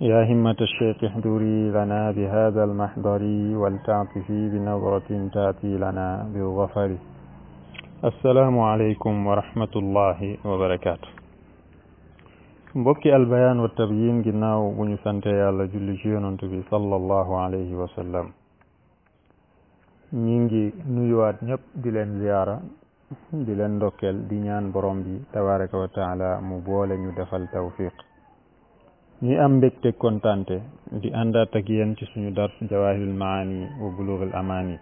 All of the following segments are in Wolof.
يا همة الشيخ احضري لنا بهذا المحضر والتعطفي بنظرة تأتي لنا بالظفر السلام عليكم ورحمة الله وبركاته بوكي البيان والتبيين جناو بني سنتي على جل تبي صلى الله عليه وسلم نينجي نيوات نيب دلين زيارة دلين دوكل دينيان برومبي تبارك وتعالى مبولن يدفل توفيق ñu am mbégte kontaante di àndaat ak yéen ci suñu dars jawaahirul maani wa bulughul amaani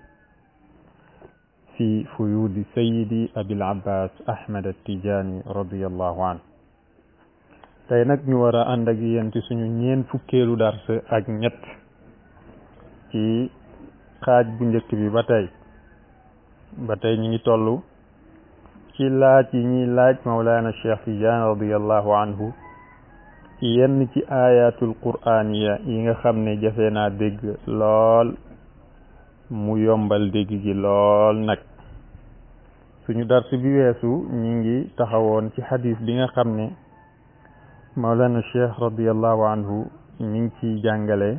fi fuyuudi sayidi abil abbas ahmad attijaani radiallahu an tey nag ñu war a ànd ak yéen ci suñu ñeen fukkeelu dars ak ñett ci xaaj bu njëkk bi ba tey ba tey ñu ngi toll ci laaj yi ñuy laaj mawlaana cheikh tijaani radiallahu anhu yenn ci ayatul qur'aniya yi nga xam ne jafe naa dégg lool mu yombal dégg gi lool nag suñu dars bi weesu ñi ngi taxawoon ci xadis bi nga xam ne mawlana cheikh radiallahu anhu ñi ngi ciy jàngale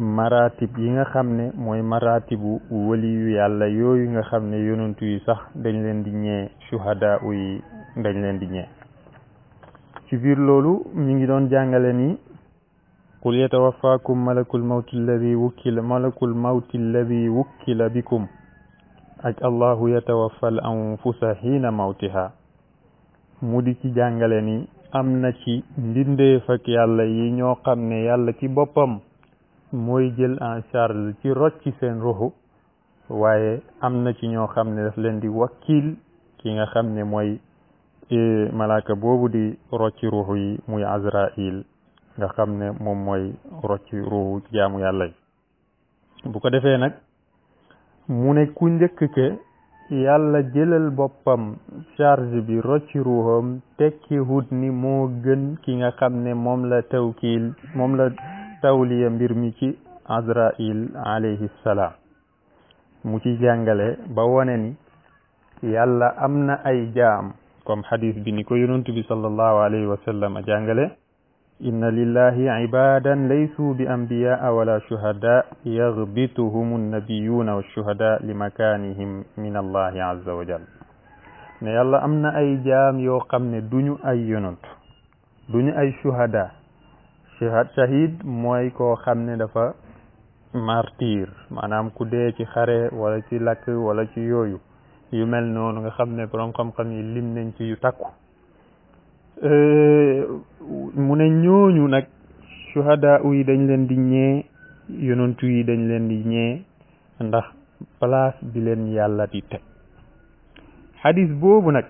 maratib yi nga xam ne mooy maratibu waliyu yàlla yooyu nga xam ne yonantu yi sax dañ leen di ñee shuhadaa yi dañ leen di ñee ci biir loolu ñu ngi doon jàngale ni qul yatawaffakum malakul mawti alladi wukkila malakul mawti alladi wukkila bikum ak allahu yatawaffa al anfusa xiina mawtiha mu di ci jàngale ni am na ci ndindeef ak yàlla yi ñoo xam ne yàlla ci boppam mooy jël en charge ci rocc seen ruxu waaye am na ci ñoo xam ne daf leen di wakkil ki nga xam ne mooy malaaka boobu di rocci ruuxu yi muy Azrail nga xam ne moom mooy rocci ruuxu jaamu yàlla yi bu ko defee nag mu ne ku njëkk ke yàlla jëlal boppam charge bi rocci ruuxam tekki hut moo gën ki nga xam ne moom la tawkiil tawliya mbir mi ci Azrail alayhi mu ci jàngale ba wone ni yàlla am na ay jaam كم حديث بنيكو ينتبي صلى الله عليه وسلم جانجله إن لله عبادا ليسوا بأنبياء ولا شهداء يغبطهم النبيون والشهداء لمكانهم من الله عز وجل نيالا أمنا أي جام يوقمن دنيو أي ينط دنيو أي شهداء شهد شهيد مويكو خمن دفا مارتير معنام كده خري ولا تي لك ولا تي يويو yu mel noonu nga xam ne borom xam-xam yi lim nañ ci yu takku euh, mu ne ñooñu nag shuhada yi dañ leen di ñee yonantu yi dañ leen di ñee ndax place bi leen yàlla di teg xadis boobu nag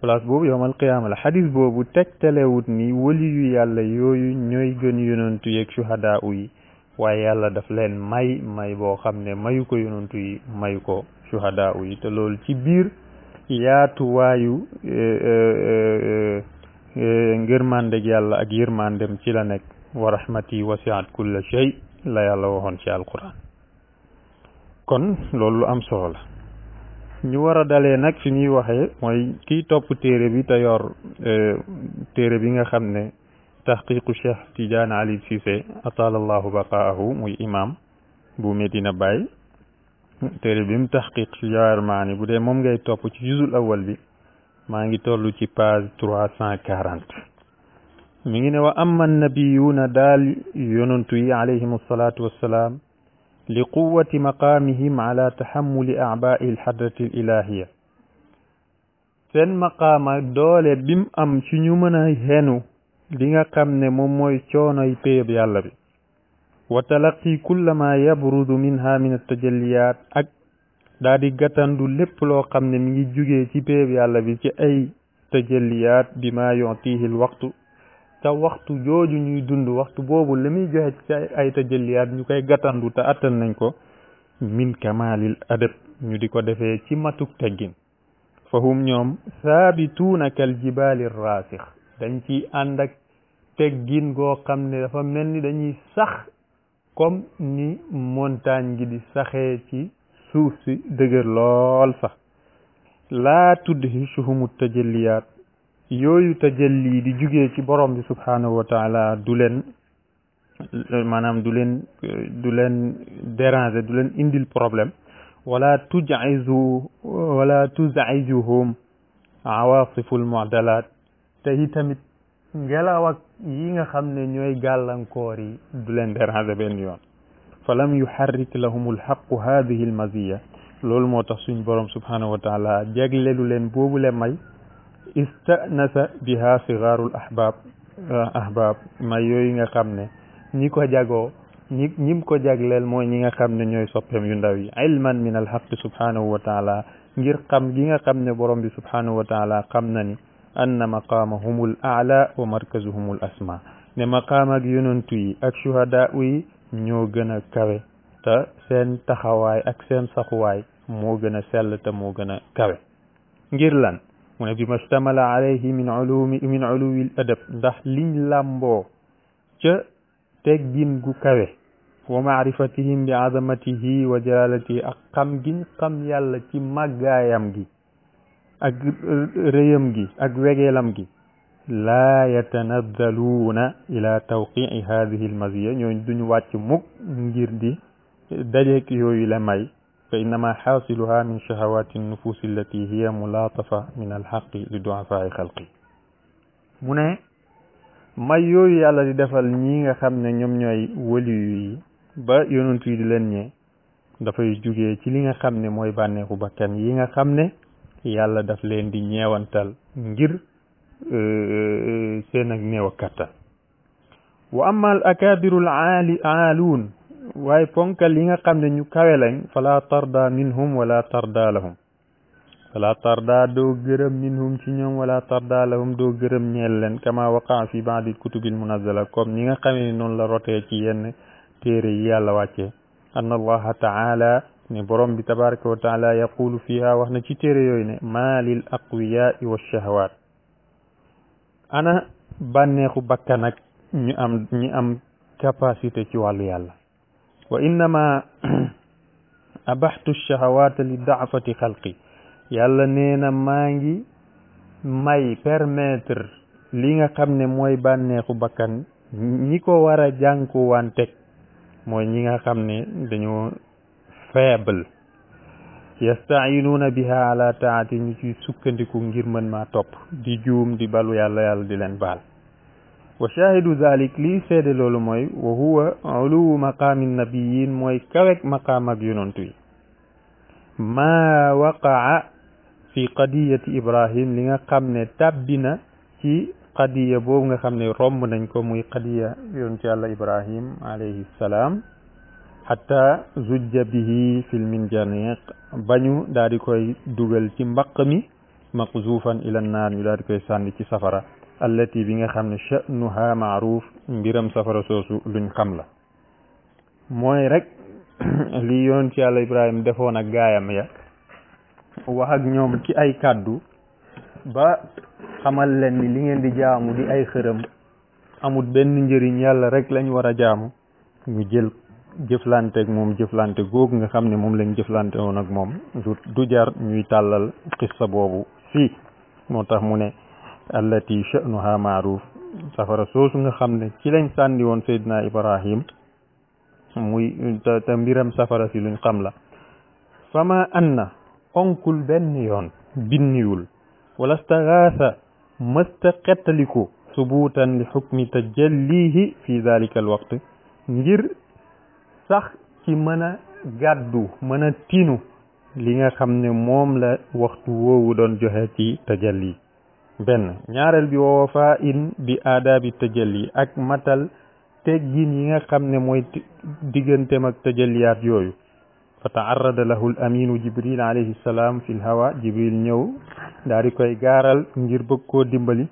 place boobu yowmal qiyaama la xadis boobu teg telewut ni wali yu yàlla yooyu ñooy gën yonantu yeeg shuhada yi waaye yàlla daf leen may may boo xam ne mayu ko yonantu yi mayu ko suhadaa yi te loolu ci biir yaatuwaayu e, e, e, ngërmandeg yàlla ak yërmandem ci la nekk wa rahmati wasiat kulla shay la yàlla waxoon ci alquran kon loolu lu am solo ñu war dalee nag fi ñuy waxee mooy kiy topp téere bi te téere bi nga xam ne taxqiqu cheikh Tidiane Ali Cissé ataalallahu baqaahu muy imam bu Medina Baye téere bi mu taxqiq ci Jawahirul bu dee moom ngay topp ci juzul awal bi maa ngi tollu ci page trois cent quarante mi ngi ne wa amma nabiyuuna daal yonantu yi alayhim asalaatu wassalaam li quwati maqaamihim ala taxamuli abaai alxadrati alilahiya seen maqaama doole bim am ci ñu mën a xenu li nga xam ne moom mooy coonoy péyeb yàlla bi wa talaqi kullama yabrudu minha min at-tajalliyaat ak daa di gàttandu lépp loo xam ne mi ngi jugee ci péyeb yàlla bi ci ay tajalliyaat bi ma yutihi al waxtu te waxtu jooju ñuy dund waxtu boobu la muy joxe ci ay tajalliyaat ñu koy gàttandu te attan nañ ko min kamalil adab ñu di ko defee ci matuk teggin fa hum ñoom saabituuna kal jibaali raasix dañ ci ànd teggin goo xam ne dafa mel ni dañuy sax kom ni montagne gi di saxee ci suuf si dëgër lool sax laa tudd hishuhumu tajalliyaat yooyu tajalli di jugee ci borom bi subhanahu wa taala du leen maanaam du leen du leen déranger du leen indil problème wala tujaizu wala tujaizuhum awaasiful mu'dalaat te itamit ngelaw ak yi nga xam ne ñooy gàllankoor yi du leen déranger benn yoon fa lam yuharrik lahum alxaqu hadihi almaziya loolu moo tax suñ borom subhanahu wa taala jeglelu leen boobule may istanasa biha sigaarul ahbab ahbab may yooyu nga xam ne ñi ko jagoo ñi ñim ko jagleel mooy ñi nga xam ne ñooy soppeem yu ndaw yi ilman min alxaqi subhanahu wa taala ngir xam gi nga xam ne borom bi subhanahu wa taala xam na ni anna maqaamahumul aala wa markazuhumul asma ne maqaam ak yonantu yi ak shuhada yi ñoo gën a kawe te seen taxawaay ak seen saxuwaay moo gën a sell te moo gën a kawe ngir lan mu ne bi mastamala alayhi min ulumi min uluwil adab ndax liñ làmboo ca teggin gu kawe wa maarifatihim bi azamatihi wa jalalatihi ak xam giñ xam yàlla ci màggaayam gi ak eh, rëyam gi ak wegeelam gi laa yatanazzaluuna ila tawqi'i hadihi almaziya ñooñ duñu wàcc mukk ngir di dajeek yooyu la may fa innama xaasiluha min shahawati nufuusi allati hiya mulaatafa min alxaqi li duafaai xalqi mu ne may yooyu yàlla di defal xam ne ñoom ñooy waliyu yi ba yonent yi dafay jugee ci li nga xam ne mooy bànneexu bakkan yi nga xam ne yàlla daf leen di ñewantal ngir seen ak néew a wa amma al akabiru al aali aaluun way ponkal li nga xamne ñu kawe lañ fala tarda minhum wala tarda lahum fala tarda do gërëm minhum ci ñoom wala tarda lahum do gërëm ñel leen kama waqa fi ba'd al kutub al munazzala kom ni nga xamee non la roté ci yenn téré yàlla wacce anna allah taala ne borom bi tabaraka wa taala fiha wax na ci téere yooyu ne ma lil aqwiyaai wa shahawaat ana bànneexu bakkan ak ñu am ñu capacité ci wàllu yàlla wa innama abaxtu shahawaata li daafati xalqi yàlla nee na maa ngi may permettre li nga xam ne mooy bànneexu bakkan ñi ko war a jànkuwaan teg mooy ñi nga xam ne dañoo faible yastainuuna biha ala taati ci sukkandiku ngir mën ma top di juum di balu yàlla yàlla di leen baal wa shaahidu zalik lii seede loolu mooy wa huwa uluwu maqaami nabiyin mooy kawek maqaam ak yonantu yi maa waqaa fi qadiyati ibrahim li nga xam ne tàbbina ci qadiya boobu nga xam ne romb nañ ko muy qadiya yonantu yàlla ibrahim alayhi salaam xatta zujja bihi fil minjaniq bañu daa di koy dugal ci mbaq mi maqzuufan ila naar ñu daa di koy sànni ci safara allati bi nga xam ne sha'nuha maaruf mbiram safara soosu luñ xam la mooy rek li yoon ci yàlla ibrahim defoon ak gaayam ya wax ak ñoom ci ay kàddu ba xamal leen li ngeen di jaamu di ay xërëm amut benn njëriñ yàlla rek lañ war a jaamu ñu jël jëflante moom jëflante googu nga xam ne moom lañ jëflante woon moom du jar ñuy tàllal xissa boobu fii moo tax mu ne allati sha'nuha ma'ruf safara soosu nga xam ne ci lañ sànni woon Seydina Ibrahim muy te te mbiram safara si luñ xam la fama anna onkul benn yoon binniwul wala staxaasa mësta xettaliku subuutan li xukmi tajallihi fi dalika al waqt sax ci mën a gàddu mën a tinu li nga xam ne moom la waxtu woowu doon joxe ci tajalli benn ñaareel bi wa wafa in bi aadaabi tajalli ak matal te teggin yi nga xam ne mooy digganteem ak tajalliyaat yooyu fa taarada lahu l aminu jibril alayhi salaam fi l jibril ñëw daal koy gaaral ngir bëgg koo dimbali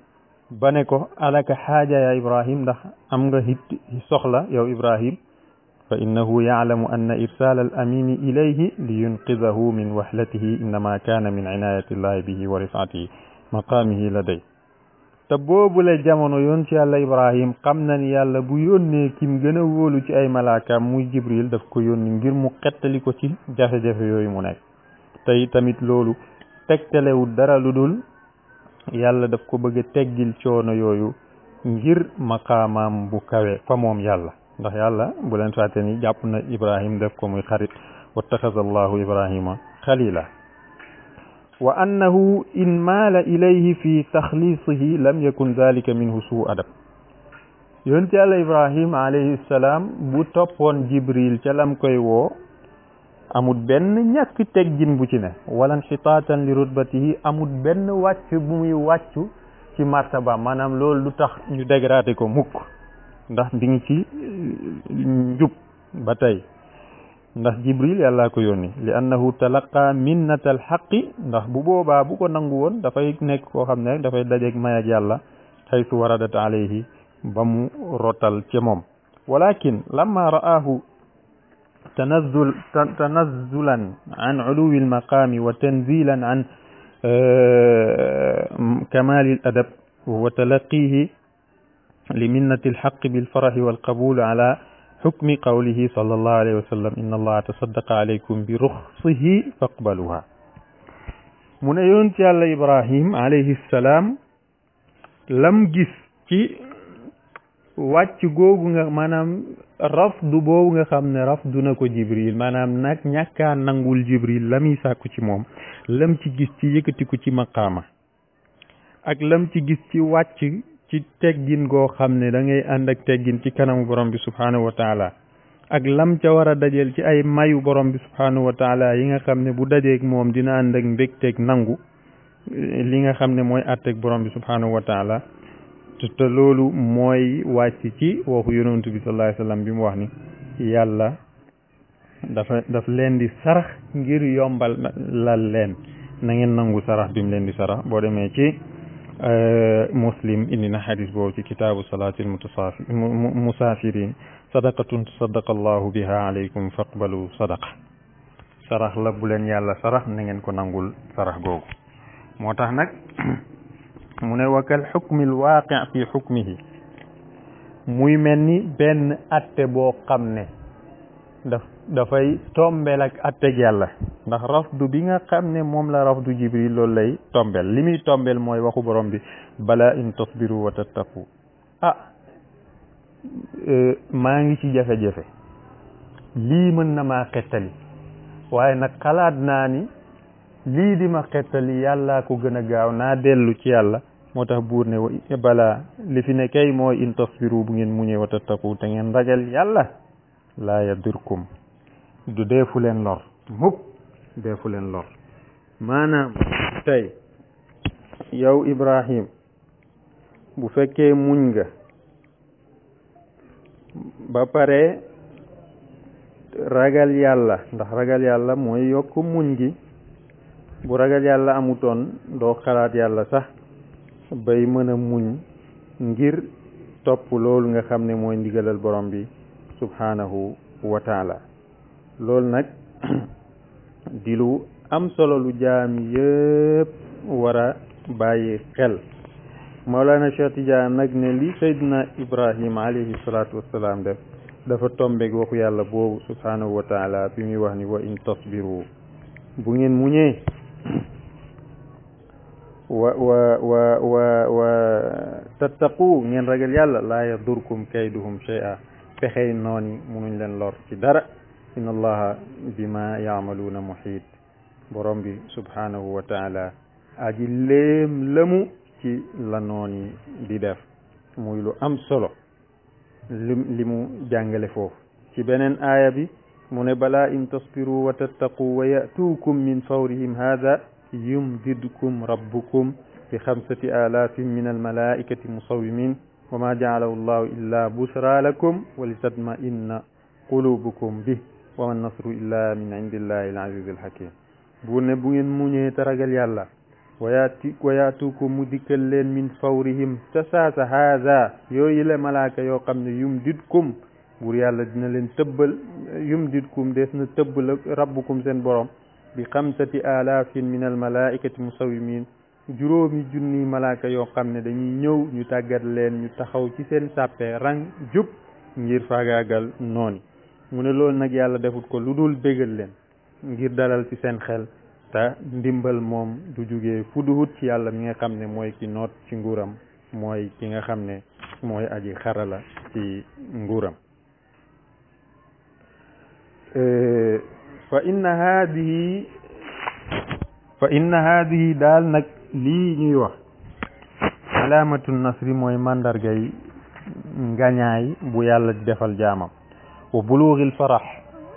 bane ko alaka xaaja ya ibrahim ndax am nga hit soxla yow ibrahim فإنه يعلم أن إرسال الأمين إليه لينقذه من وحلته إنما كان من عناية الله به ورفعته مقامه لديه te boobu la jamono yoon ci yàlla ibrahim xam na ni yàlla bu yónnee kim gën a wóolu ci ay malaakaam muy jibril daf ko yónni ngir mu xettali ko ci jafe-jafe yooyu mu nekk tey tamit loolu tegtalewul dara lu dul yàlla daf ko bëgg a teggil coono yooyu ngir maqaamaam bu kawe fa moom yàlla ndax yàlla bu leen fàtte ni jàpp na ibrahim def ko muy xarit wattaxaza allahu ibrahima xalila wa annahu in maala ilayhi fi taxliisihi lam yakun dalika minhu suu adab yonent yàlla ibrahim alayhi salaam bu toppoon jibril ca lam koy woo amul benn ñàkk teggin bu ci ne wala nxitaatan li rutbatihi amul benn wàcc bu muy wàccu ci martaba maanaam lool lu tax ñu dégradé ko mukk ndax di ngi ci njub ba tey ndax jibril yàlla ko yónni li annahu talaqa minnata alxaqi ndax bu boobaa bu ko nangu woon dafay nekk koo xam ne dafay dajeeg may ak yàlla xaytu waradat alayhi ba mu rotal ci moom walakin lamma ra'aahu تنزل تنزلا عن علو المقام وتنزيلا عن كمال الأدب وتلقيه لمنة الحق بالفرح والقبول على حكم قوله صلى الله عليه وسلم إن الله تصدق عليكم برخصه فاقبلوها من أيون الله إبراهيم عليه السلام لم جس كي واتش غوغ مانام رف دبو غا خامن رف دونكو جبريل مانام ناك نياكا نانغول جبريل لامي ساكو تي موم لم تي جيس تي يكتي كو مقامه اك لم تي جيس تي واتش ci teggin goo xam ne da ngay ànd ak teggin ci kanamu borom bi subhaanahu wa taala ak lam ca war a dajeel ci ay mayu borom bi subhaanahu wa yi nga xam ne bu dajeeg moom dina ànd ak teg nangu li nga xam ne mooy àtteeg borom bi subhaanahu wa taala te loolu mooy wàcc ci waxu yonentu bi sallallahu bi mu wax ni yàlla dafa daf leen di sarax ngir yombal lal leen na ngeen nangu sarax bi mu leen di sarax boo demee ci آه، مسلم إننا حديث في كتاب صلاة المسافرين صدقة تصدق الله بها عليكم فاقبلوا صدقة صراح لب لن يالا صراح نين كنا نقول صرح بوك موتحنك من وكال حكم الواقع في حكمه مويمني بن أتبو قمنه daf dafay tombel ak atteg yàlla ndax rafdu bi nga xam ne moom la rafdu jibril loolu lay tombel li muy tombeel mooy waxu borom bi bala in tasbiru wa ah, euh, maa ngi ci jafe lii mën na maa waaye nag xalaat naa ni lii di ma xettali yàllaa ko gën a gaaw naa dellu ci yàlla moo tax buur ne balaa li fi ne kay mooy in bu ngeen muñee wa tattaqu te ngeen ragal yàlla laa yadurkum du deefu leen lor mukk deefu leen lor maanaam tey yow Ibrahim bu fekkee muñ ga ba pare ragal yàlla ndax ragal yàlla mooy yokk muñ gi bu ragal yàlla amutoon doo xalaat yàlla sax bay mëna muñ ngir topp loolu nga xam ne mooy ndigalal borom bi subhaanahu wa taala loolu nag di lu am solo lu jaam yëpp war a bàyyi xel Mawlana Cheikh Tidiane nag ne li Seydina Ibrahima alayhi salaatu wassalaam def dafa tombeeg waxu yàlla boobu subhaanahu wa taala bi muy wax ni wa in tasbiru bu ngeen muñee wa wa wa wa wa tattaqu ngeen ragal yàlla laa yadurkum kayduhum shay'a pexey nooni munuñ leen lor ci dara inna allaha bima yaamaluuna muhiit borom bi subhanahu wa taala aji léem lëmu ci la nooni di def muy lu am solo lim li mu jàngale foofu ci beneen aaya bi mu ne bala in tasbiru wa tattaqu wa yatuukum min fawrihim hada yumdidkum rabbukum bi xamsati alafin min almalaikati musawimin وما جعله الله إلا بشرى لكم ولتطمئن قلوبكم به وما النصر إلا من عند الله العزيز الحكيم بون بوين موني ترغل يالا وياتيك وياتوك مدكل لين من فورهم تساس هذا يو إلى ملاك يو قمن يمددكم بور يالا دينا لين تبل يمددكم ديسنا تبل ربكم سن بروم بخمسة آلاف من الملائكة مصومين juróomi junni malaaka yoo xam ne dañuy ñëw ñu tàggat leen ñu taxaw ci seen sàppe rang jub ngir faagaagal nooni mu ne loolu nag yàlla defut ko lu dul bégal leen ngir dalal ci seen xel te ndimbal moom du jóge fu duhut ci yàlla mi nga xam ne mooy ki noot ci nguuram mooy ki nga xam ne mooy aji xarala ci nguuram fa inna haadihi fa inna haadihi daal nag lii ñuy wax alaamatu nasri mooy màndargay ngañaay bu yàlla di defal jaamam wa buluuxil farax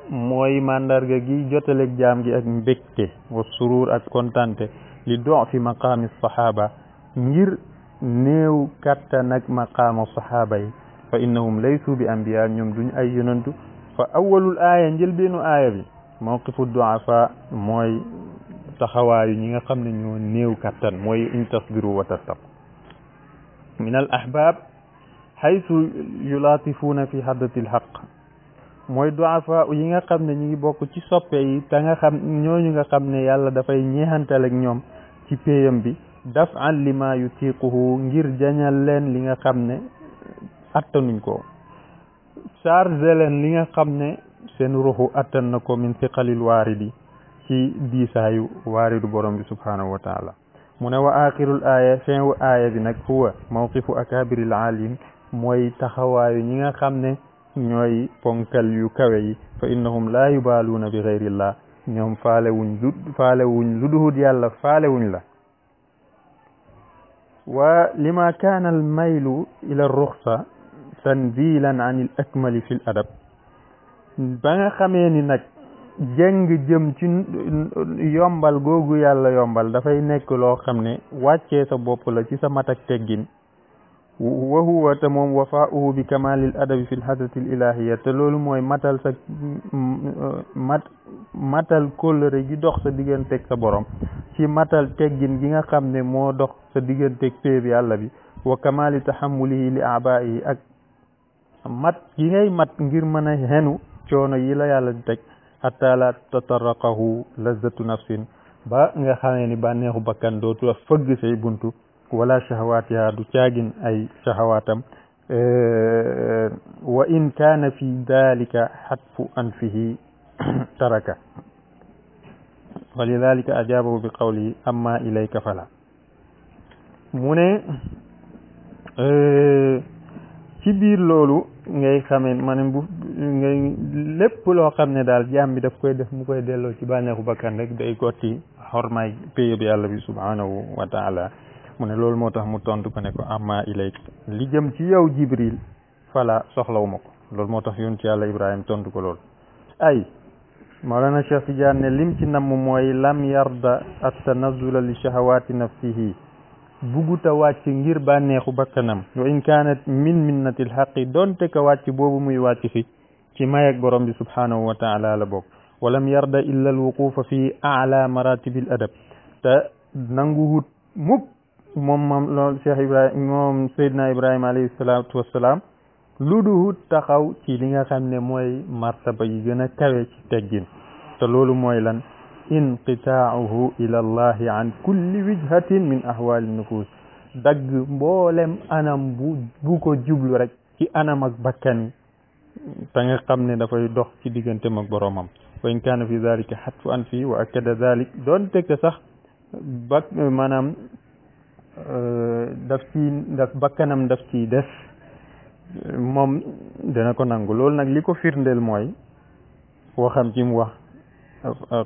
mooy màndarga gi jotaleeg jaam gi ak mbégte wa suruur ak kontante li dox fi maqaami saxaaba ngir néew kàttan ak maqaamu saxaaba yi fa innahum laysu bi ambiya ñoom duñ ay yonantu fa awalul aaya njëlbeenu aaya bi mawqifu duafa mooy taxawaayu ñi nga xam ne ñoo néew kattan mooy in tasbiru wa tattaqu min al ahbab xaytu yulaatifuuna fi haddati l xaq mooy duafa yi nga xam ne ñu ngi bokk ci soppe yi te nga xam ñooñu nga xam ne yàlla dafay ñeexantal ak ñoom ci péyam bi daf an yu yutiquhu ngir jañal leen li nga xam ne attanuñ ko charge leen li nga xam ne seen ruxu attan na ko min fiqalil waaridi ci disayu waridu borom bi subhanahu wa taala mune wa akhirul aya fin wa aya bi nak huwa mawqifu akabiril alim moy taxawaayu ñi nga xamne ñoy ponkal yu kawe yi fa innahum la yubaluna bi ghayri xeyrillah ñom faale wuñ lu faale wuñ lu yàlla faale wuñ la wa lima kana al mayl ila ar rukhsa tanzilan an al akmal fi al adab ba nga xamé ni nak jëng jëm ci yombal googu yàlla yombal dafay nekk loo xam ne wàcce sa bopp la ci sa mat ak teggin wa te moom wafaauhu bi kamalil adabi fi lxasrati l te loolu mooy matal sa mat matal kóllëre gi dox sa digganteeg sa borom ci matal teggin gi nga xam ne moo dox sa digganteeg péeb yàlla bi wa kamali taxamulihi li abaayi ak mat gi ngay mat ngir mën a xenu coono yi la yàlla di teg xataa la tatarraqahu lazatu nafsin ba nga xamee ni bànneexu bakkan dootu a fëgg say buntu wala shahawaatiha du caagin ay shahawaatam wa in kaana fi dalika xatfu anfihi taraka fa lidalika ajaabahu bi qawlihi amma ilayka fala mu ne ci biir loolu ngay xamee maanaam bu ngay lépp loo xam ne daal jaam bi daf koy def mu koy delloo ci bànneexu bakka rek day gotti xormaay péye bi yàlla bi subhanahu wa taala mu ne loolu moo tax mu tontu ko ne ko amma ilayk li jëm ci yow jibril fala soxlaw ma ko loolu moo tax yoon ci yàlla ibrahima tontu ko lool ay maolana cheikh tidiane ne lim ci namm mooy lam yarda at tanazula li shahawati nafsihi bugut a wàcc ngir bànneexu bakkanam wa in kaanat min minnati lxaqi donte ka wàcc boobu muy wàcc si ci mayak borom bi subhaanahu wa taala la bokk walam yarda illa alwuqufa fi ala maratibi al adab te nanguwut mukk moom moom loolu Cheikh Ibrahima moom Seydina Ibrahima alayhi salaatu wassalaam lu duhut taxaw ci li nga xam ne mooy martaba yi gën a kawe ci teggin te loolu mooy lan inqitaahu ila allahi an kulli wijhatin min ahwali nufus dagg mboolem anam bu bu ko jublu rek ci anam ak bakkan te nga xam ne dafay dox ci digganteem ak boromam wa in kaana fi dalika xatfu an fii wa akkada dalik doon tegte sax bak maanaam daf ci daf bakkanam daf ciy des moom dana ko nangu loolu nag li ko firndeel mooy waxam ci mu wax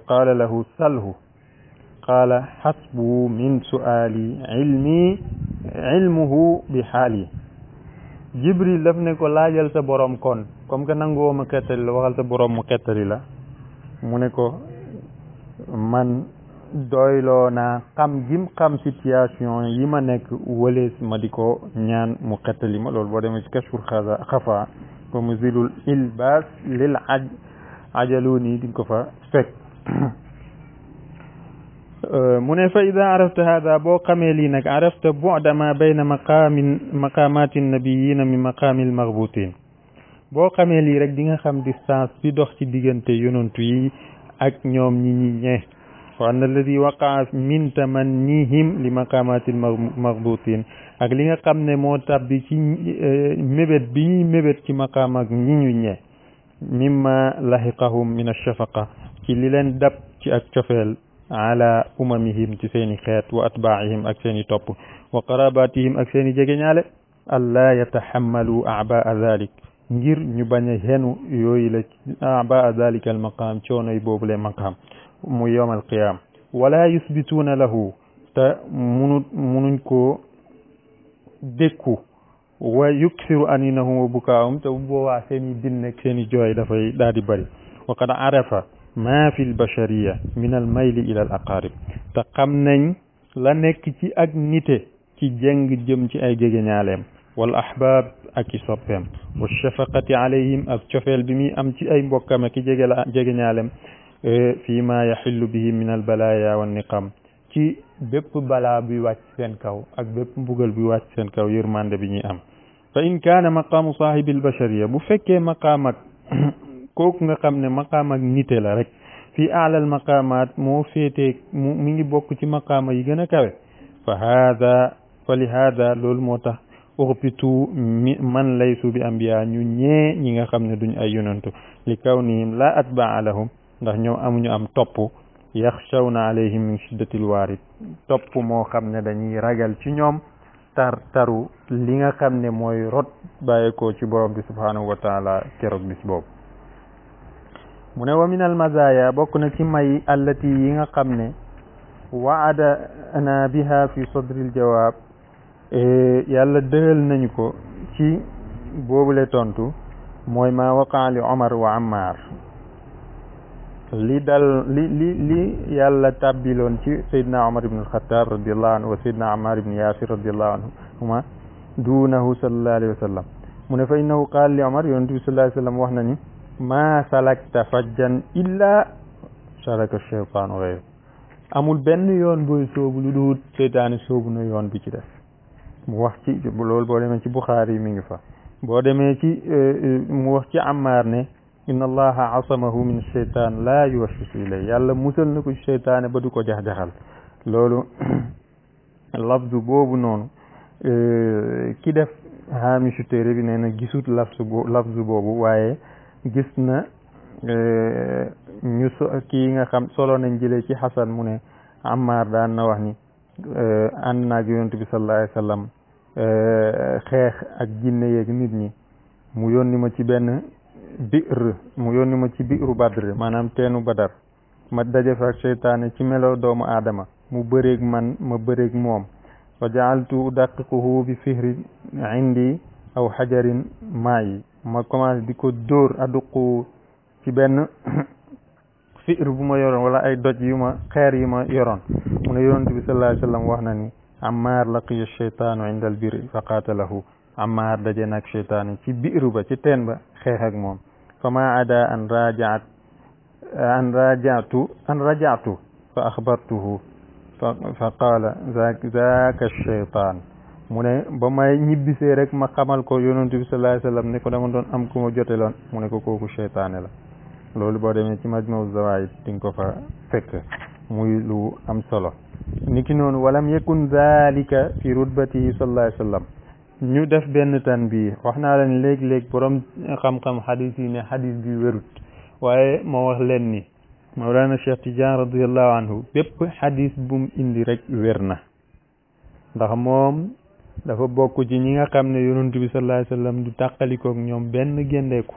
qaala lahu salhu qaala xasbu min su'aali ilmi ilmuhu bi xaali jibril daf ne ko laajal sa borom kon comme que nangoo ma kettali la waxal sa borom mu kettali la mu ne ko man doyloo naa xam gim xam situation yi ma nekk wëlees ma di ko ñaan mu xettali ma loolu boo demee ci kashful xafa ko mu zilul ilbaas lil aj ajaloo nii di ko fa fekk euh, mu ne fa ida arafta hada boo xamee lii nag arafta bu'da ma bayna maqaamin maqaamaati nabiyina min maqaamil maxbutin boo xamee lii rek di nga xam distance bi dox ci diggante yonantu yi ak ñoom ñi ñi ñe wa anna waqaa min tamannihim li maqaamaati maxbutin ak li nga xam ne moo tabbi ci euh, mébét bi ñuy mébét ci maqaam ak ñi mimma laxiqahum min alchafaqa ci li leen dab ci ak cofeel ala umamihim ci seeni xeet wa atbaacihim ak seeni topp wa qarabatihim ak seeni jegeñaale allaa yataxammalu abaa dalik ngir ñu bañ a xenu yooyu la abaa dalika almaqaam coonoy boobule maqaam mu yowm alqiyaam wala yusbituuna lahu te munu munuñ koo dékku ويكثر أنينهم وبكاءهم تبوا سني دين سني جوي دفع دادي بري وقد عرف ما في البشرية من الميل إلى الأقارب تقمن لا نكتي تي كي جنگ جم كي أجيجن عليهم والأحباب أكي صبهم والشفقة عليهم أكتفل بمي أم كي أي بوكام كي جيجن عليهم فيما يحل به من البلايا والنقم كي bépp balaa bi wàcc seen kaw ak bépp mbugal bi wàcc seen kaw yërmande bi ñuy am fa in kaana saahibi albashariya bu fekkee maqaam ak nga xam ne maqaam ak nite rek fii aalal maqaamaat moo féetee mu mi ngi bokk ci maqaama yi gën a kawe fa li haada loolu moo tax uxbitu mi man laysu bi ambiya ñu ñee ñi nga xam ne duñ ay yonantu li kawnihim laa atbaa lahum ndax ñoom amuñu am topp yaxshawna alayhim min shiddatil waarid topp moo xam ne dañuy ragal ci ñoom tar taru li nga xam ne mooy rot bàyyeekoo ci borom bi subhaanahu wa taala keroog bis boobu mu ne wa min al mazaya bokk na ci may allati yi nga xam ne waadana biha fi sadril jawaab e, yàlla dëgal nañu ko ci boobule tontu mooy ma waqaa li omar wa ammar li dal li li yàlla tàbbiloon ci saydna omar ibn alxataab radiallahu anhu wa saydna amar ibn yaasir radiallahu anhuma duunahu salallahu alayhi wa sallam mu ne fa innahu qaal li omar yonent bi salallahu alayhi wa sallam wax na ni maa salakta fajjan illaa amul benn yoon booy soobu lu duut soobu na yoon bi ci def mu wax ci loolu boo ci buxaari mi ngi fa boo demee ci euh, euh, mu wax ci ammaar ne inna allaha asamahu min cheytaan laa yuwaswisu ilay yàlla musal na ko cheytaane ba du ko jax-jaxal loolu lafzu boobu noonu ki def haamisu téere bi nee na gisut lafzu bo lafzu boobu waaye gis na ñu so kii nga xam solo nañ jëlee ci xasan mu ne Ammar daan na wax ni ànd naag yonent bi sallallahu alayhi wa sallam xeex ak jinne yeeg nit ñi mu yónni ma ci benn bi'r mu yónni ma ci biiru badr maanaam teenu badar ma daje fa ak ci melo doomu aadama mu bëreeg man ma bëreeg moom wa jaaltu daqiquhu bi fihri indi aw xajarin maa yi ma commencé di ko dóor aduqu ci benn fiir bu ma yoroon wala ay doj yu ma xeer yi ma yoroon mu ne yonent bi sallallahu alayhi wa sallam wax na ni amaar laqiya sheytaanu inda albiri fa qaatalahu Ammaar daje nag cheytaani ci biiru ba ci teen ba xeex moom fa ma ada an rajaat an rajatu fa axbartuhu fa qaala zaaka cheytaan mu ne ba may ñibbisee rek ma xamal ko yonentu bi sallallahu alayhi ne doon am ku joteloon mu ne ko kooku cheytaane la loolu boo demee ci majmu zawaid di nga ko fa fekk muy lu am solo niki noonu walam yakun zalika fi rutbatihi sallallahu alayhi wasallam ñu def benn tan bii wax naa leen léeg-léeg boroom xam-xam xadiis yi ne xadis bi wérut waaye moo wax leen ni Mawlana Cheikh Tidiane radiallahu anhu bépp xadis bu mu indi rek wér na ndax moom dafa bokk ci ñi nga xam ne yonent bi sallallahu alayhi du tàqalikook ñoom benn géndeeku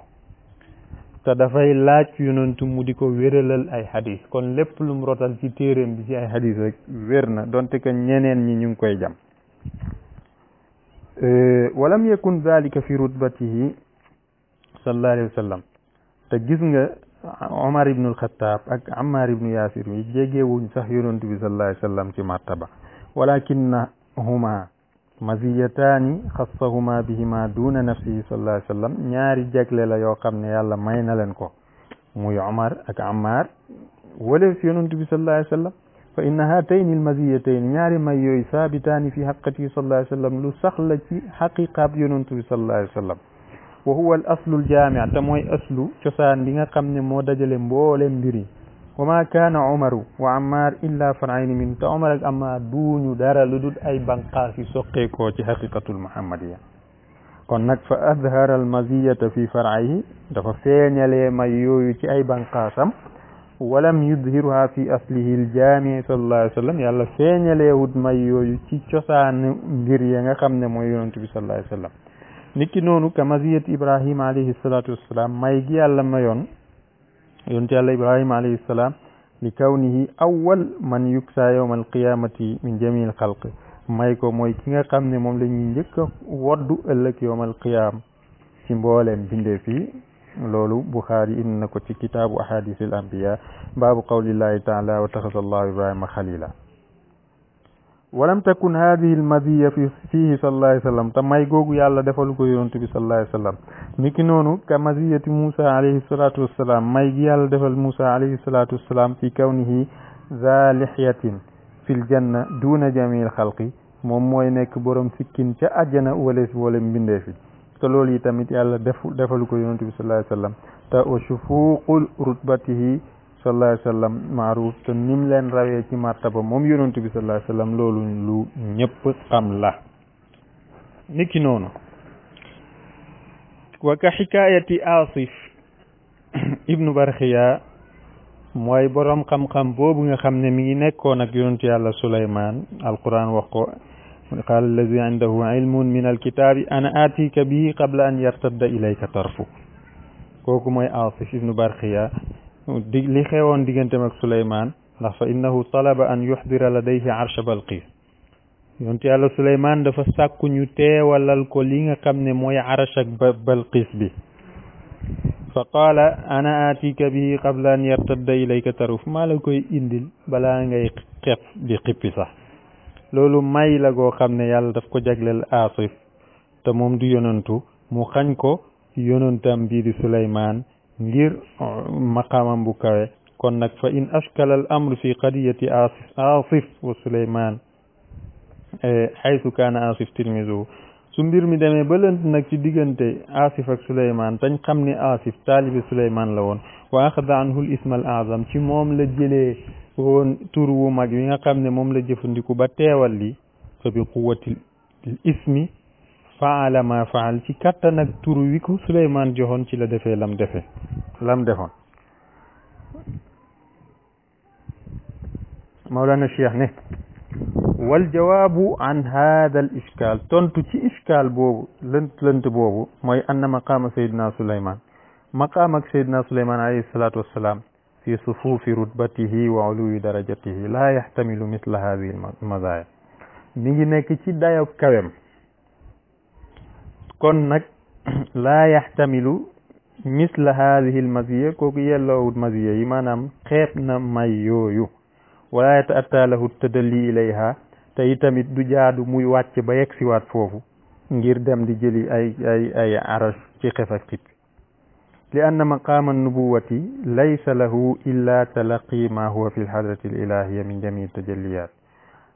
te dafay laaj yonentu mu di ko wéralal ay xadis kon lépp lu mu rotal ci téeréem bi ci ay xadis rek wér na donte que ñeneen ñi ñu ngi koy jam Eh, wa lam yakun dalika fi rutbatihi sallallahu alayhi wa sallam te gis nga Omar ibn al-Khattab ak Ammar ibn Yasir yi jegewuñ sax yonent bi sallallahu alayhi wa sallam ci martaba walakinnahuma maziyataani xassahuma bihima duna nafsihi sallallahu alayhi wa sallam ñaari jagle la yoo xam ne yàlla may na leen ko muy Omar ak Ammar waleef yonent bi sallallahu alayhi wa sallam فإن هاتين المزيتين نار ما يثابتان في حقتي صلى الله عليه وسلم لسخ التي حقيقة بيننت صلى الله عليه وسلم وهو الأصل الجامع تموي أصل تسان لنا قمن مودة جلمبول مديري وما كان عمر وعمار إلا فرعين من تعمر أما دون دار لدود أي بنقا في سقيك حقيقة المحمدية كونك فأظهر المزية في فرعيه دفع سينيالي ما يوي أي بنقاسم walam yudhiruha fi aslihi aljaami sallallahu alayhi wa sallam yàlla feeñaleewut may yooyu ci cosaanu mbir ya nga xam ne mooy yonent bi sallallahu alayhi wa sallam niki noonu ka maziyat ibrahima alayhi salatu wassalam may gi yàlla mayoon yonent yàlla ibrahima alayhi salaam li kawnihi awwal man yuksa yawma alqiyamati min jamiil xalq may ko mooy ki nga xam ne moom la ñuy njëkk a woddu ëllëg yawma alqiyam ci mbooleem bindee fii loolu buxaari indi na ko ci kitaabu ahadis al ambiya baabu qawlillahi taala wa taxasa allahu ibrahima xalila walam takun hadihi al madiya fi fihi sallallahu alayhi wa sallam te may googu yàlla defalu ko yonent bi sallallahu alayhi wa sallam ni ki noonu ka madiyati moussa alayhi salatu wassalam may gi yàlla defal moussa alayhi salatu wassalam fi kawnihi za lixyatin fil janna duna jamil xalqi moom mooy nekk borom sikkin ca àjjana wala wala mbindeefi te loolu yi tamit yàlla defu defalu ko yonent bi sallallahu alayhi wasallam te wa shufuqul rutbatihi sallallahu alayhi wasallam maaruf te nim leen rawee ci bi sallallahu alayhi wasallam lu ñëpp xam la noonu wa ka xikaayati asif ibnu barxiya mooy boroom xam-xam boobu nga xam ne mi ngi nekkoon ak yonentu yàlla suleymaan alquran wax ko قال الذي عنده علم من الكتاب أنا آتيك به قبل أن يرتد إليك طرفه كوكو موي عاصف ابن بارخيا لخيوان ديجنت مك سليمان فإنه طلب أن يحضر لديه عرش بلقيس يونتي على سليمان دفا ساكو ني تي ولا الكو ليغا خامني موي عرش بلقيس بي فقال انا اتيك به قبل ان يرتد اليك طرف مالكوي انديل بلا غي خيب دي خيبي صح loolu may la goo xam ne yàlla daf ko jagleel aasif te moom di yonantu mu xañ ko yonantam bii di suleymaan ngir uh, maqaamam bu kawe kon nag fa in ashkala al amru fi qadiyati aasif aasif wa suleymaan xaytu eh, kaana aasif tilmisu su mi demee ba nag ci diggante asif ak suleyman tañ xam ne asif taalibi suleyman la woon wa axada anhu l isma al azam ci moom la jële woon tur wu mag wi nga xam ne moom la jëfandiku ba teewal li fa bi ismi faala ma faal ci kattan ak tur wi suleyman joxoon ci la defee lam defe lam defoon Mawlana Cheikh ne wal jawaabu an hada ishkaal tontu ci ishkaal boobu lënt lënt boobu mooy anna maqaama saydina suleyman maqaam ak saydina suleyman alayhi salaatu wassalaam fi sufuufi rutbatihi wa uluwi darajatihi laa yaxtamilu misla hadihi almazaya mi ngi nekk ci dayob kawem kon nag laa yaxtamilu misla hadihi almaziya kooku yelloowut maziya yi maanaam xeeb na may wala yata'attaa lahu tadalli ilayha te itamit du jaadu muy wàcc ba yegg siwaat foofu ngir dem di jëli ay ay ay arash ci xef ak xip li anna maqaama nubuwati laysa lahu illa talaqi ma huwa fi lxadrati lilahiya min jami tajalliyat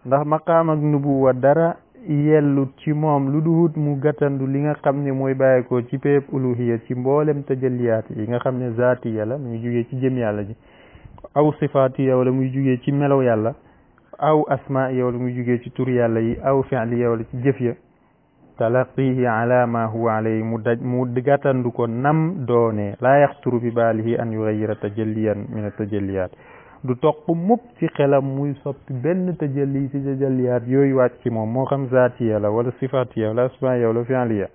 ndax maqaam ak nubuwa dara yellut ci moom lu duhut mu gàttandu li nga xam ne mooy bàyyeekoo ci péep uluhiya ci mboolem tajalliyaat yi nga xam ne zaati yàlla mu ngi jugee ci jëm yàlla ji aw sifaati yow la muy jugee ci melow yàlla aw asmaa yow la muy jugee ci tur yàlla yi aw fi'li yow la ci jëf ya talaqihi ala ma huwa alayhi mu daj mu gàttandu ko nam doone laa yaxturu bi baalihi an yugayyira tajalliyan min atajalliyaat du toq mukk ci xelam muy soppi benn tajalli ci tajalliyaat yooyu wàcc ci moom moo xam zaatiya la wala sifaatiya wala asmaa yow la fi'liya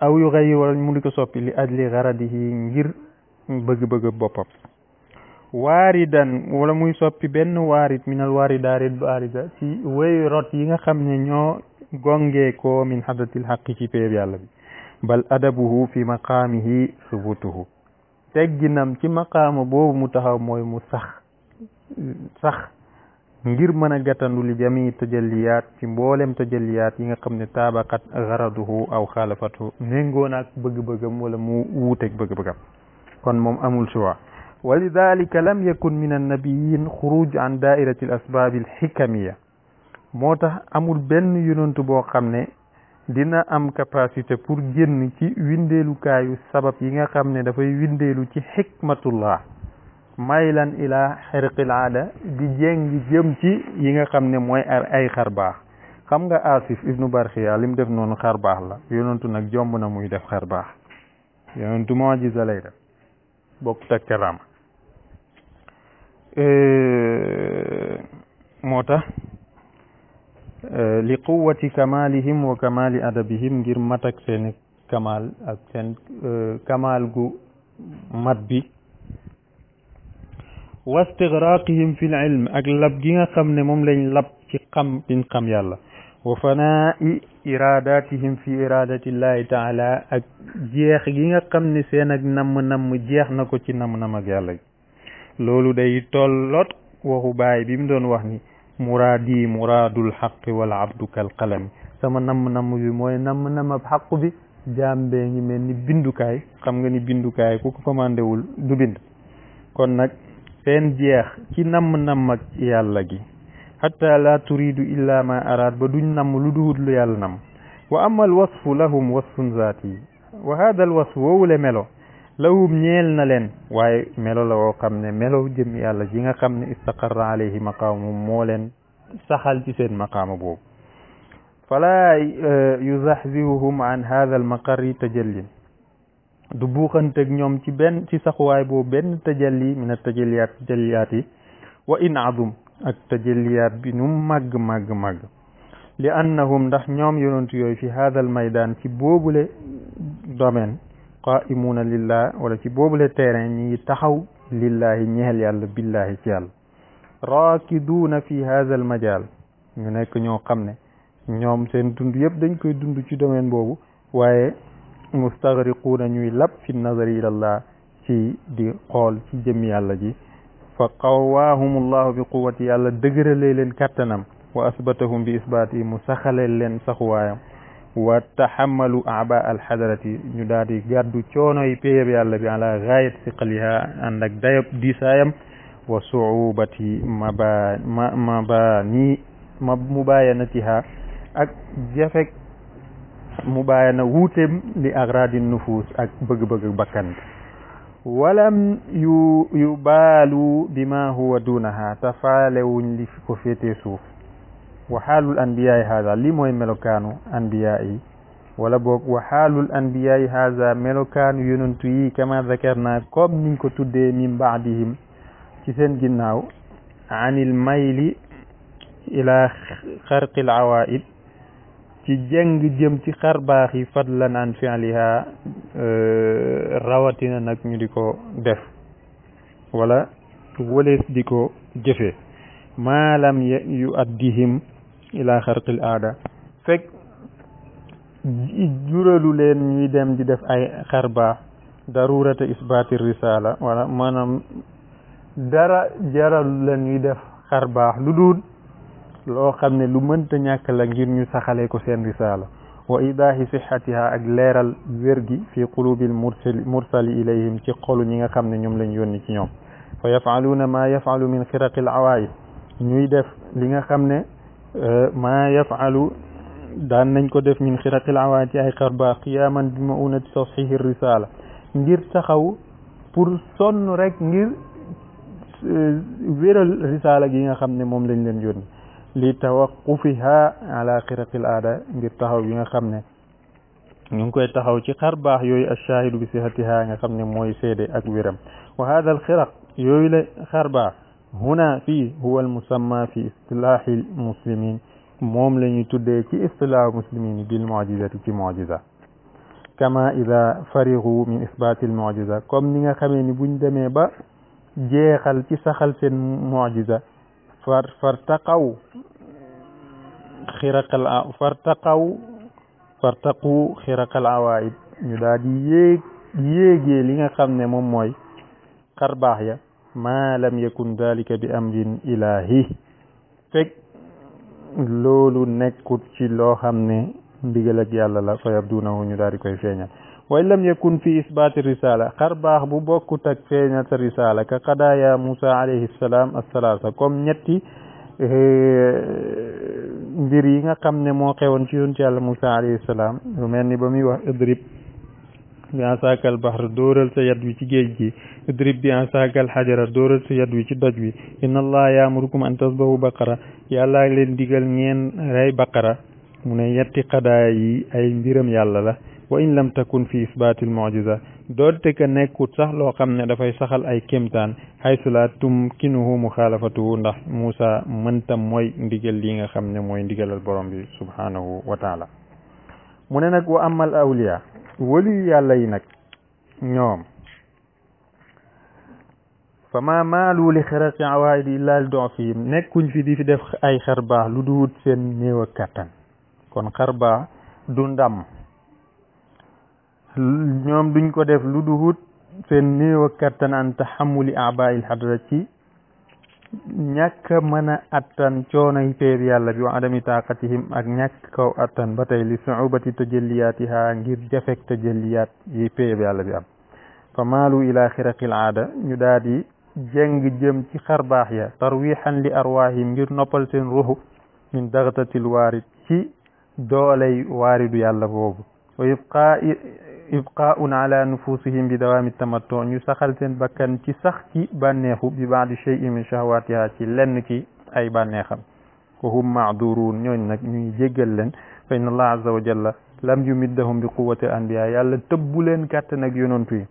aw yugayyiru wala mu di ko soppi li ajli garadihi ngir bëgg-bëgg boppam waaridan wala muy soppi benn waarit minal waarida red bu aarida ci rot yi nga xam ne ñoo gongeekoo min xadatil xaqi ci péeb yàlla bi bal adabuhu fi maqaamihi subutuhu tegginam ci maqaama boobu mu taxaw mooy mu sax sax ngir mën a gàttandu li jami tajalliyaat ci mboolem tajalliyaat yi nga xam ne taabaqat garaduhu aw xaalafatu néngoon ak bëgg-bëggam wala mu wuuteeg bëgg-bëggam kon moom amul choix walidalika lam yakun min annabiyin xuruj an daairati al asbaab al xikamiya moo tax amul benn yonantu boo xam ne dina am capacité pour génn ci windeelukaayu sabab yi nga xam ne dafay windeelu ci xikmatullah maylan ila xerqil aada di jéng jëm ci yi nga xam ne mooy ay xarbaax xam nga asif ibnu barxiya lim def noonu xar baax la yonontu nag jomb na muy def xar baax yonantu mujiza lay def bokk tak karaama Euh, moo tax euh, li quwati kamalihim wa kamali adabihim ngir mat ak seeni kamal ak seen euh, kamal gu mat bi wa istigraqihim fi l ilm ak lab gi nga xam ne moom lañ lab ci xam biñ xam yàlla wa fanaa'i iradatihim fi iradatillahi taala ak jeex gi nga xam ne seen ak nam namm jeex na ko ci namm-namm ak yàlla loolu day tolloot waxu baay bi mu doon wax ni muraadi muraadul xaqi wal abdu kal sama namm-namm bi mooy namm-namm ab xaqu bi jàmbee ngi mel ni bindukaay xam nga ni bindukaay ku ko commandé wul du bind kon nag seen jeex ci namm-namm ak yàlla gi xatta la turidu illa ma araad ba duñ namm lu duhut lu yàlla namm wa ama al wasfu lahum wasfun zaati wa hada al wasfu woowule melo lahum ñeel na leen waaye melo la woo xam ne melo jëm yàlla ji nga xam ne istaqarra alayhi maqaamu moo leen saxal ci seen maqaama boobu fala yuzaxzihuhum an hada almaqarri tajallin du buuxanteeg ñoom ci benn ci saxuwaay boobu benn tajalli min a tajalliyaat tajalliyaat yi wa in azum ak tajalliyaat bi nu màgg màgg màgg li annahum ndax ñoom yonent yooyu fi hada almaydan ci boobule domaine qaa'imuuna lillah wala ci boobule terrain ñi ngi taxaw lillahi ñehel yàlla billahi ci yàlla raakiduuna fi haazal majaal ñu nekk ñoo xam ne ñoom seen dund yëpp dañ koy dund ci domaine boobu waaye mustaghriquuna ñuy lab fi nazari ilallah ci di xool ci jëmm yàlla ji fa qawaahum llahu bi quwwati yàlla dëgëralee leen kattanam wa asbatahum bi mu saxalee leen saxuwaayam wa taxamalu aba alxadarati ñu daal di gàddu coonoy péyab yàlla bi ala gaayat siqaliha ànd ak dayab diisaayam wa suubati maba ma mabani ma mubayanatiha ak jafek mubayana wuuteem li agradi nufus ak bëgg-bëgg bakkan walam yu yu baalu bi ma huwa duunaha tafaale wuñ li ko féetee suuf wa xaalul anbiyaay haada li mooy melokaanu anbiyaa yi wala boog wa xaalul anbiyaay haada melokaanu yonantu yi kama zakarna comme niñ ko tuddee min baadihim ci seen ginnaaw anil mayli ila xarqil awaid ci jëng jëm ci xar baax yi fadlan an fi'liha euh, rawatina nag ñu di ko def wala wëlees di ko jëfee maalam yu addihim ila xarqil aada fekk juralu leen ñuy dem di def ay xarbaax darurata isbaati risala wala maanaam dara jaralu leen ñuy def xarbaax lu dul loo xam ne lu mënta ñàkk la ngir ñu saxale ko seen risaala wa idaahi sixatiha ak leeral wér gi fi qulubil mursali mursali ilayhim ci xolu ñi nga xam ne ñoom lañ yónni ci ñoom fa yafaluuna ma yafalu min xiraqil awaayib ñuy def li nga xam ne Euh, maa yafalu daan nañ ko def min xiraqil awaan ci ay xarbaax qiyaaman bi maunati tasxihi risala ngir taxaw pour sonn rek ngir euh, wiral risala gi nga xam ne moom lañ leen yónni li tawaqufiha ala xiraqil aada ngir taxaw yi nga xam ne ñu ngi koy taxaw ci xarbaax yooyu ashaahidu bi sihatiha nga xam ne mooy seede ak wéram wa hada al xiraq yooyu la xarbaax huna fii huwa almusamma fi istilahi almuslimin moom la ñuy tuddee ci istilahu muslimin bil mucjizati ci mucjiza kama ida farigu min isbaati comme ni nga xamee ni buñ demee ba jeexal ci saxal seen mucjiza far fartaqaw xiraqal fartaqaw fartaqu ñu daal di li nga xam ne moom mooy xarbaax ya ma lam yakun dalika bi amrin ilahi loolu nekkut ci loo xam ne ndigal ak yàlla la fa yabdunahu ñu daal di koy feeñal way lam yakun fi isbaati risala xar baax bu bokk ak feeñal sa risala ka qadaaya Musa alayhi salaam assalaasa comme ñetti eh, mbir yi nga xam ne moo xewoon ci yoon ci yàlla Musa alayhi salaam lu mel ni ba muy wax idrib bi ansaakal baxra dóoral sa yat wi ci géej gi idrib bi ansaakal xajara dóoral sa yat wi ci doj wi inna allaha yaamurukum an tasbahu baqara yàllaa leen digal ngeen rey baqara mu ne yetti xadaa yi ay mbiram yàlla la wa in lam takun fi isbaatil mujiza doonte ka nekkut sax loo xam ne dafay saxal ay kéemtaan haysu la tumkinuhu muxaalafatuhu ndax Muusa mënta mooy ndigal li nga xam ne mooy ndigalal borom bi subhanahu wa mu ne nag wa amal awliya wëli yàlla yi nag ñoom fa ma maalu li xerati awaid illa li don fii nekkuñ fi di fi def ay xar baax lu duwut seen néew ak kon xar du ndàmm ñoom duñ ko def lu duwut seen néew ak kàttan an taxamuli abail xadra ci ñàkk a mën a attan coonoy péeb yàlla bi wa adami taaqatihim ak ñàkk kaw attan ba tey li suubati tajalliyaatiha ngir jafek tajalliyaat yi péeb yàlla bi am fa maalu ila xiraqil aada ñu daal di jeng jëm ci xarbaax ya tarwihan li arwaahim ngir noppal seen ruuxu min daxatatil waarid ci dooley waaridu yàlla boobu إبقاء على نفوسهم بدوام التمتع يسخل سن بكن كي سخكي بانيخ ببعض شيء من شهواتها كي لنكي أي بانيخم وهم معذورون يونك ني جيجل لن فإن الله عز وجل لم يمدهم بقوة الأنبياء يالا تبولن كاتنك يونون فيه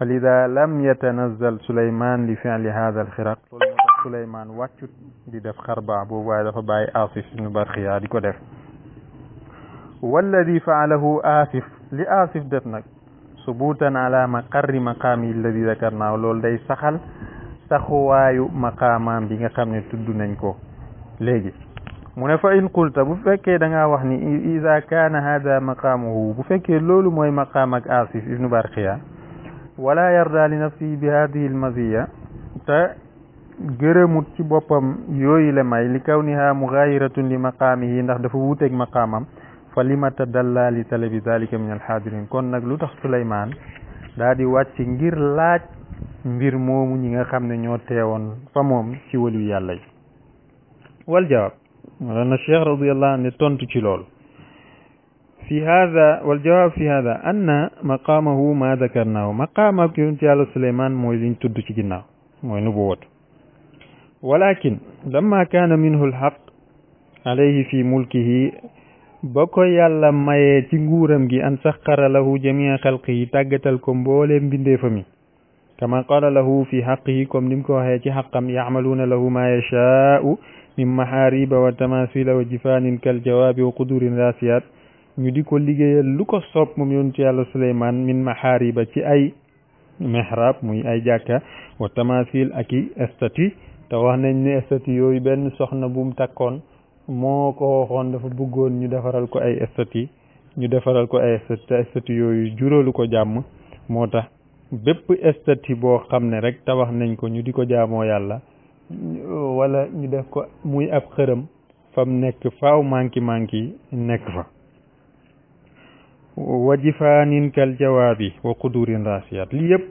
ولذا لم يتنزل سليمان لفعل هذا الخرق سليمان واتشت دي دف خربع بو دف باي آصف نبار خيار والذي فعله آصف li aasif def nag subuutan ala maqarri maqaami alladi dakarnaaw loolu day saxal saxuwaayu maqaamaam bi nga xam ne tudd nañ ko léegi mu ne fa in qulta bu fekkee danga wax ni ida kaana hada maqaamuhu bu fekkee loolu mooy maqaam ak asif ibnu barqiya wala yarda li nafsihi bi hadihi almaziya te gërëmut ci boppam yooyu la may li mu mugayiratun li maqaamihi ndax dafa wuuteeg maqaamam fa limata dallali tale bi dalika min alxaadirin kon nag lu tax Suleymaan daa di wàcc ngir laaj mbir moomu ñi nga xam ne ñoo teewoon fa moom ci waliyu yàlla yi wal jawaab Mawlana Cheikh radiyallahu anhu tontu ci lool fi hada wal jawaab fi hada anna maqaamahu ma dakarnaahu maqaama yonent yàlla Suleymaan mooy liñ tudd ci ginnaaw mooy nubuwwatu walakin lamma kaana minhu alxaq alayhi fi mulkihi ba ko yàlla mayee ci nguuram gi an saxara lahu jamia xalqi yi tàggatal ko mbooleem mbindeefa mi kama qaala lahu fi xaqihi comme ni mu ko waxee ci xaqam yacmaluuna lahu maa yachaau min maxaariba wa tamasila wa jifaanin kal jawaabi wa qudurin raasiyaat ñu di ko liggéeyal lu ko soob moom yonentu yàlla Suleymaan min maxaariba ci ay mihrab muy ay jàkka wa tamasil ak i statue te wax nañ ne statue yooyu benn soxna bu mu takkoon moo ko waxoon dafa bëggoon ñu defaral ko ay statue ñu defaral ko ay statue statue yooyu juróolu ko jàmm moo tax bépp statue boo xam ne rek tabax nañ ko ñu di ko jaamoo yàlla walla ñu def ko muy ab xërëm fam nekk faaw manki manki nekk fa wajifaanin kal jawaabi wa qudurin rasiyaat lii yëpp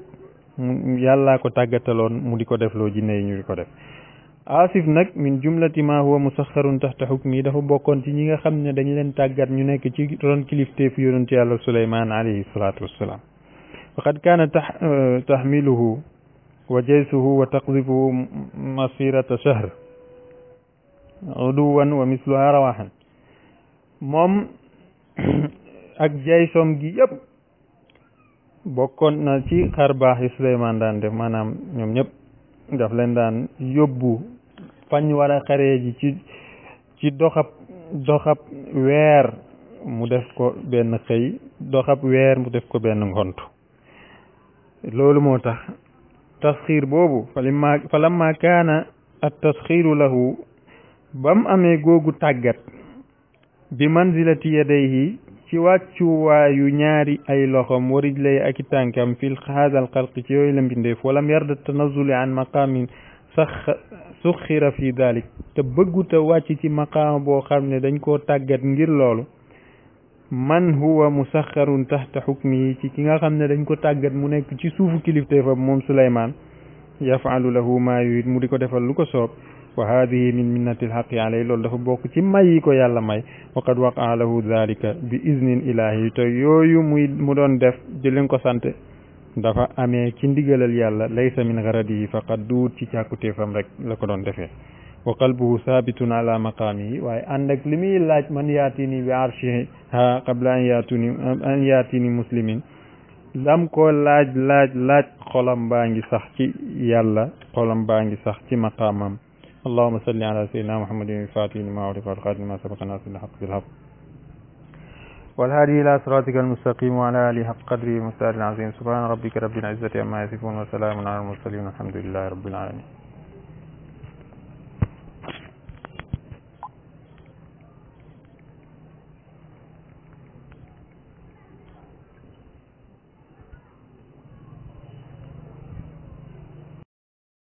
yàllaa ko tàggataloon mu di ko def loo jinne yi ñu di ko def aasif nag min jumlati ma huwa musaxarun taxta xukmi yi dafa bokkoon ci ñi nga xam ne dañu leen tàggat ñu nekk ci ron kilifteefu yonentu yàlla suleymaan alayhi salaatu wassalaam faqad kaana taxmiluhu euh, wa jaysuhu wa taqdifuhu masirata shahr uduwan wa misluha rawaxan moom ak jaysoom gi yëpp bokkoon na ci xar baax yi suleymaan daan def maanaam ñoom ñëpp daf leen daan yóbbu fañ war a xaree ji ci ci doxab doxab weer mu def ko benn xëy doxab weer mu def ko benn ngont loolu moo tax tasxiir boobu falima falamma kaana at tasxiiru lahu ba mu amee googu tàggat bi manzilati yadayhi ci wàccuwaayu ñaari ay loxom warij lay ak i fil haazal xalqi ci yooyu la mbindeef walam yarda tanazuli an maqamin sax suxira fi dalik te bëgguta wàcc ci maqaama boo xam ne dañ koo tàggat ngir loolu man huwa musaxarun taxta xukmi yi ci ki nga xam ne dañ ko tàggat mu nekk ci suufu kilifteefam moom Suleymaan yafaalu lahu maa yurid mu di ko defal lu ko soob wa haadihi min minnati lxaqi loolu dafa bokk ci may yi ko yàlla may wa qad waqaa lahu dalika bi iznin ilahi te yooyu muy mu doon def di ko sante dafa amee ci ndigalal yàlla laysa min garadi yi faqat duut ci càkkutéefam rek la ko doon defee wa qalbuhu saabitun ala maqaami yi waaye ànd li muy laaj man yaatini bi arshi ha qabla an yaatuni muslimin lam ko laaj laaj laaj xolam baa ngi sax ci yàlla xolam baa ngi sax ci maqaamam allahuma salli ala sayyidina muhammadin fatih lima ughliqa wal khatimi lima sabaqa nasril haqq والهادي إلى صراطك المستقيم وعلى آله حق قدره المستعد العظيم سبحان ربك رب العزة عما يصفون وسلام على المرسلين والحمد لله رب العالمين